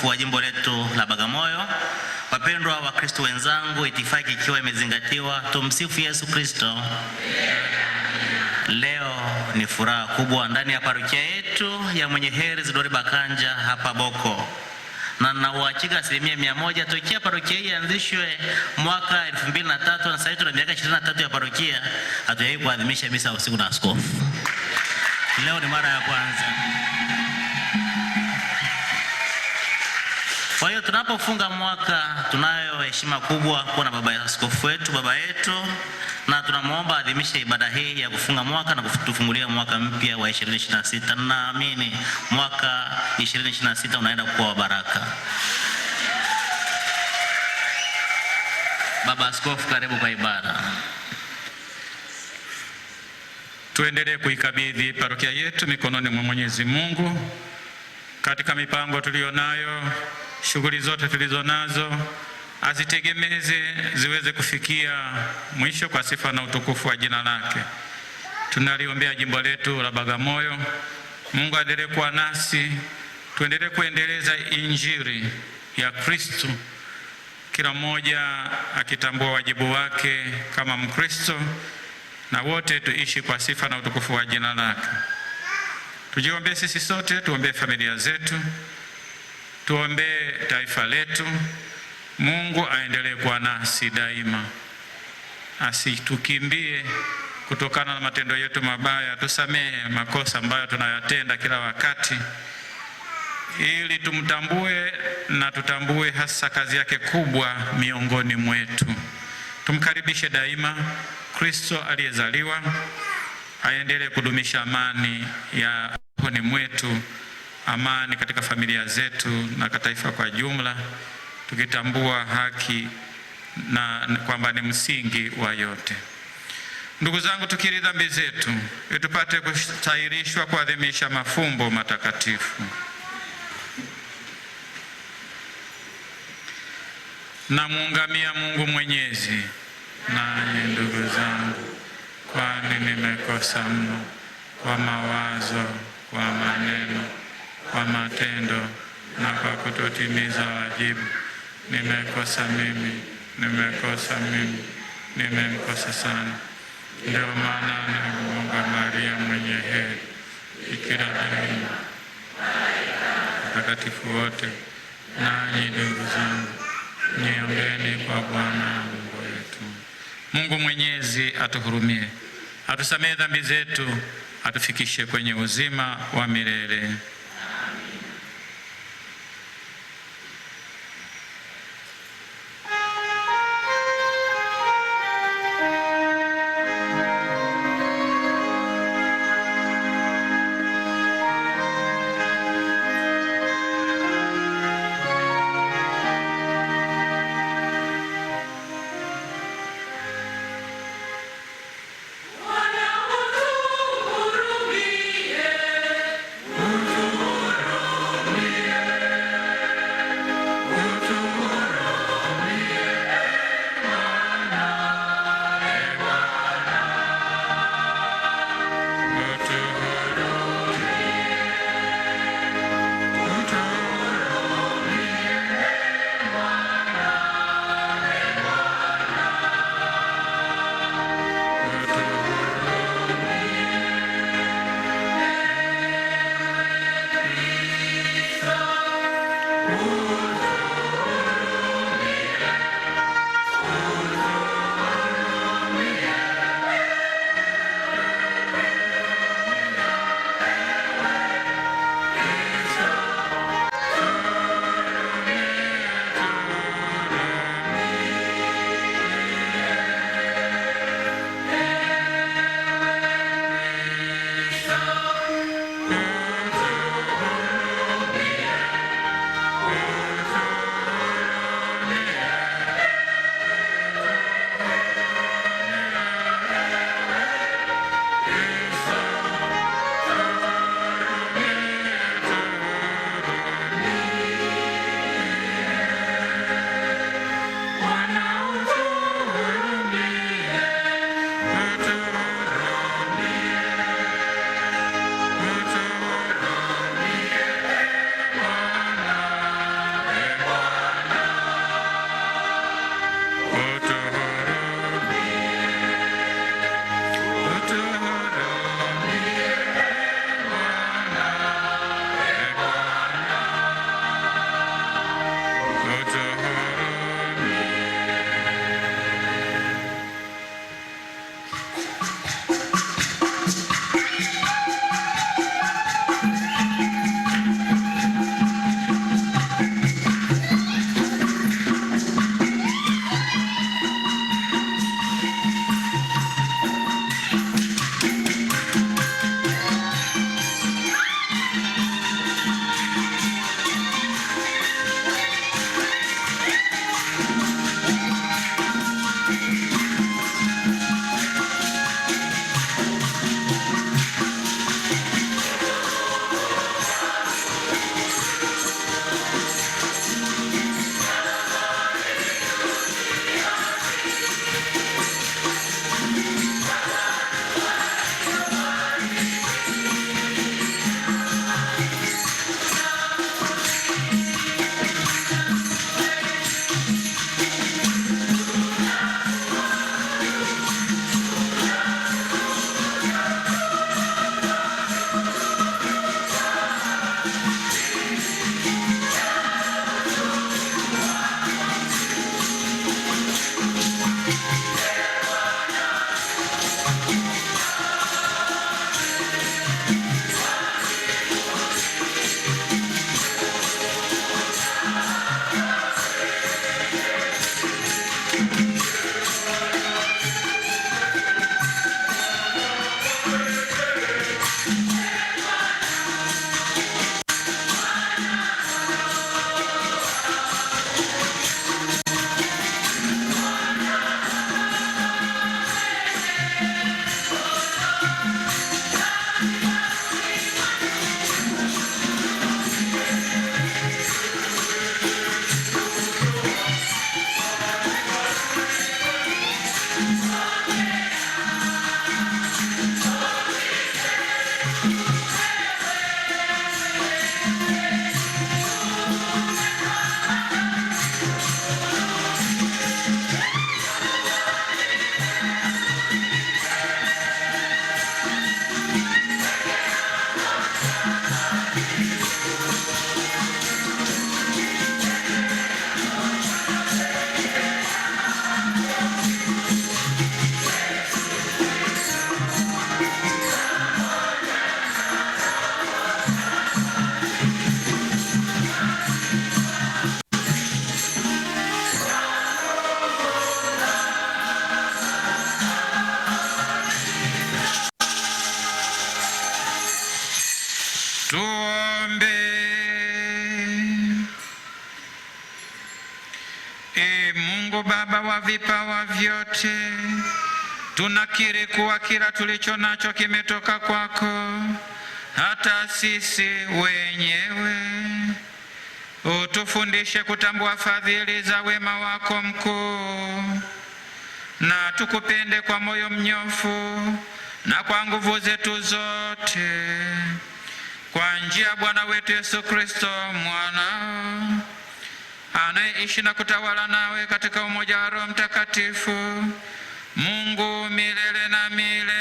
askofu wa jimbo letu la Bagamoyo. Wapendwa Wakristo wenzangu, itifaki ikiwa imezingatiwa, tumsifu Yesu Kristo. Leo ni furaha kubwa ndani ya parokia yetu ya Mwenye Heri Zidori Bakanja hapa Boko, na na uhakika asilimia mia moja tokia parokia hii ianzishwe mwaka elfu mbili na tatu na sasa tuna miaka ishirini na tatu ya parokia, hatujawahi kuadhimisha misa usiku na askofu. Leo ni mara ya kwanza. hiyo tunapofunga mwaka tunayo heshima kubwa kuwa na baba askofu wetu, baba yetu, na tunamwomba adhimishe ibada hii ya kufunga mwaka na kutufungulia mwaka mpya wa 2026. Naamini mwaka 2026 unaenda kuwa wa baraka. Baba Askofu, karibu kwa ibada. Tuendelee kuikabidhi parokia yetu mikononi mwa Mwenyezi Mungu katika mipango tuliyonayo shughuli zote tulizo nazo azitegemeze ziweze kufikia mwisho kwa sifa na utukufu wa jina lake. Tunaliombea jimbo letu la Bagamoyo, Mungu aendelee kuwa nasi, tuendelee kuendeleza injili ya Kristo, kila mmoja akitambua wajibu wake kama Mkristo, na wote tuishi kwa sifa na utukufu wa jina lake. Tujiombee sisi sote, tuombee familia zetu. Tuombee taifa letu. Mungu aendelee kuwa nasi daima, asitukimbie kutokana na matendo yetu mabaya, tusamehe makosa ambayo tunayatenda kila wakati, ili tumtambue na tutambue hasa kazi yake kubwa miongoni mwetu. Tumkaribishe daima Kristo aliyezaliwa, aendelee kudumisha amani ya miongoni mwetu amani katika familia zetu na kataifa kwa jumla, tukitambua haki na kwamba ni msingi wa yote. Ndugu zangu, tukiri dhambi zetu itupate kutahirishwa kuadhimisha mafumbo matakatifu. Namuungamia Mungu Mwenyezi, nanyi ndugu zangu, kwani nimekosa mno kwa mawazo, kwa maneno kwa matendo na kwa kutotimiza wajibu. Nimekosa mimi, nimekosa mimi, nimemkosa sana. Ndio maana namuomba Maria mwenye heri, Bikira daima, watakatifu wote, nanyi ndugu zangu, niombeni kwa Bwana Mungu wetu. Mungu Mwenyezi atuhurumie, atusamehe dhambi zetu, atufikishe kwenye uzima wa milele. Tuombe. E Mungu Baba wa vipawa vyote, tunakiri kuwa kila tulicho nacho kimetoka kwako, hata sisi wenyewe. Utufundishe kutambua fadhili za wema wako mkuu, na tukupende kwa moyo mnyofu na kwa nguvu zetu zote kwa njia ya Bwana wetu Yesu Kristo mwana anayeishi na kutawala nawe katika umoja wa Roho Mtakatifu, Mungu milele na milele.